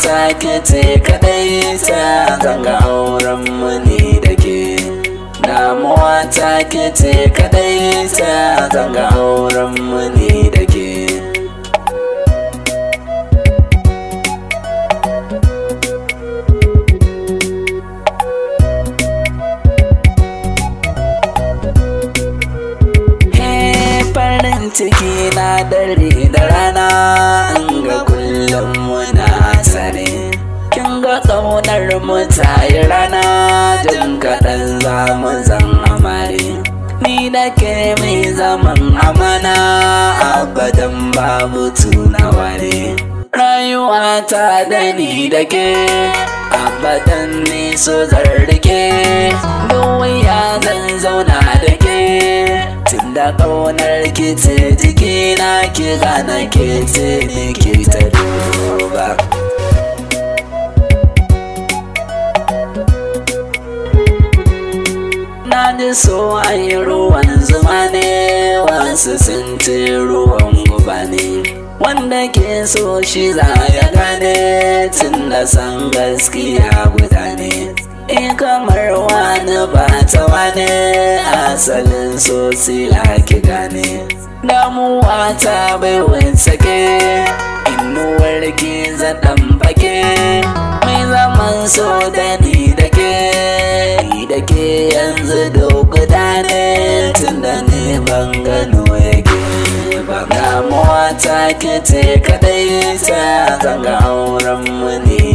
ta ce kadai ta zanga auren mani da ke damuwa ta ce kadai ta zanga auren mani da ke ciki na dare wa mu ta yi rana jin kaɗan za mu zan amare ni da ke mai zaman amana abadan babu tunaware rayuwa ta da ni da ke abadan ne so zarrike don ya zan zauna da ke da ƙaunar kitse, jikina ki gana ke ce ne ke ta na ji so ayi ruwan zuma ne wasu sun ce ruwan guba ne wanda ke so shi za ya gane tun da san gaskiya guda ne in e, kamar wani ba ta wane asalin so sila ki gane damuwa ta bai winsake inuwar ki zaɗan fake mai zaman so da ni da ban gano yake ba damuwa ta ke ce kadai ta zanga auren mu ne